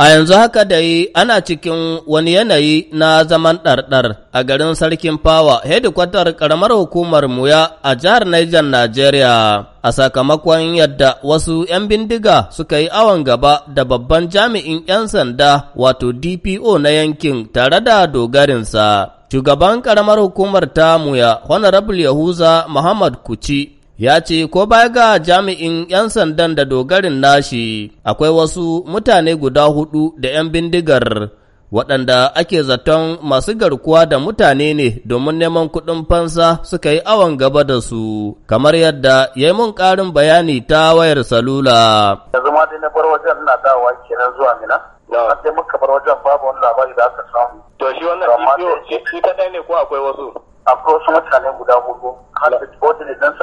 A yanzu haka dai ana cikin wani yanayi na zaman ɗarɗar a garin Sarkin Fawa, hedikwatar ƙaramar hukumar Muya a jihar Niger, Najeriya, a sakamakon yadda wasu ‘yan bindiga suka yi awon gaba da babban jami'in ‘yan sanda wato DPO na yankin tare da dogarinsa. Shugaban ƙaramar hukumar ta Muya, Honorable Yahuza Muhammad Kuci, ya ce ko baya ga jami'in 'yan sandan da dogarin nashi akwai wasu mutane guda hudu da 'yan bindigar waɗanda ake zaton masu garkuwa da mutane ne domin neman kuɗin fansa suka yi awon gaba da su kamar yadda ya yi mun ƙarin bayani ta wayar salula. yanzu ma dai na bar wajen na dawa kenan zuwa mina a sai muka bar wajen babu wani labari da aka samu. to shi wannan bidiyo shi kaɗai ne ko akwai wasu. akwai wasu mutane guda hudu har da ordinate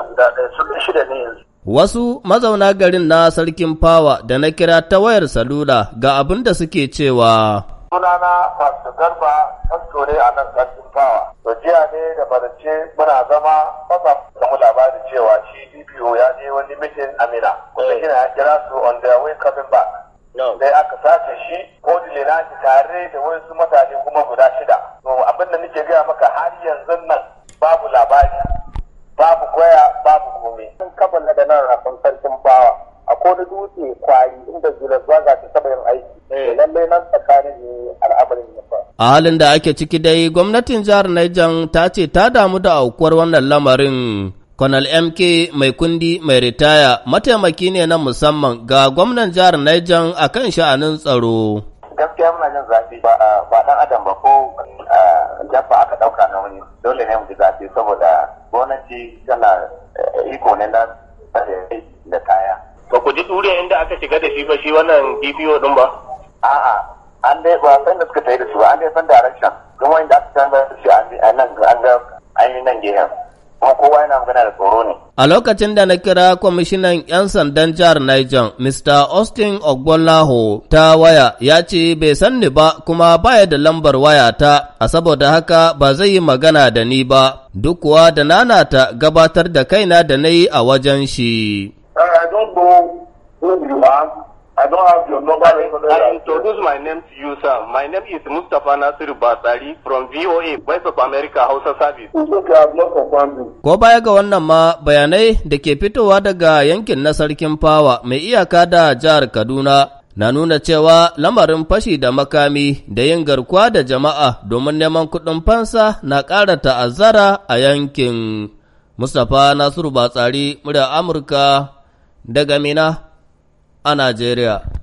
da ne yanzu. Wasu mazauna garin na sarkin fawa da na kira ta wayar salula ga abin da suke cewa. Sunana Pastor Garba Kasto ne a nan sarkin fawa. To jiya ne da barace muna zama kasa samu labarin cewa shi DPO ya je wani mitin Amina. Kuma eh. kina ya kira su on their way coming back. Sai aka sace shi ko na shi tare da wasu mutane kuma guda shida. To abin da nake gaya maka har yanzu nan na da nan a sarkin bawa a da dutse kwari inda zuwa za ta saba yin aiki eh. lallai nan tsakanin ne al'amarin ya a halin da ake ciki dai gwamnatin jihar Niger ta ce ta damu da aukuwar wannan lamarin Colonel MK mai kundi mai ritaya mataimaki ne na musamman ga gwamnan jihar Niger akan sha'anin tsaro. Gaskiya muna jin zafi ba dan adam ba ko jabba aka dauka na wani dole ne mu ji zafi saboda gwamnati tana eh, iko ne na da kaya. Ba ku ji inda aka shiga da shi ba shi wannan DPO ɗin ba? A'a, an dai ba san da suka tafi da su ba, an dai san direction. Kuma wanda aka shiga da shi an ga an yi nan gehen. Kuma kowa yana magana da tsoro ne. A lokacin da na kira kwamishinan 'yan sandan jihar Niger, Mr. Austin Ogbonlaho ta waya ya ce bai san ni ba kuma baya da lambar wayata, a saboda haka ba zai yi magana da ni ba, duk kuwa da nana ta gabatar da kaina da na yi a wajen shi. Uh, I don't have your number. I, I introduce my name to you, sir. My name is Mustapha Nasiru Basari from VOA, Voice of America Hausa Service. Ko baya ga wannan ma bayanai da ke fitowa daga yankin na sarkin fawa mai iyaka da jihar Kaduna na nuna cewa lamarin fashi da makami da yin garkuwa da jama'a domin neman kuɗin fansa na ƙara ta'azzara a yankin. Mustapha Nasiru Batsari, murya Amurka, daga Mina. a Najeriya.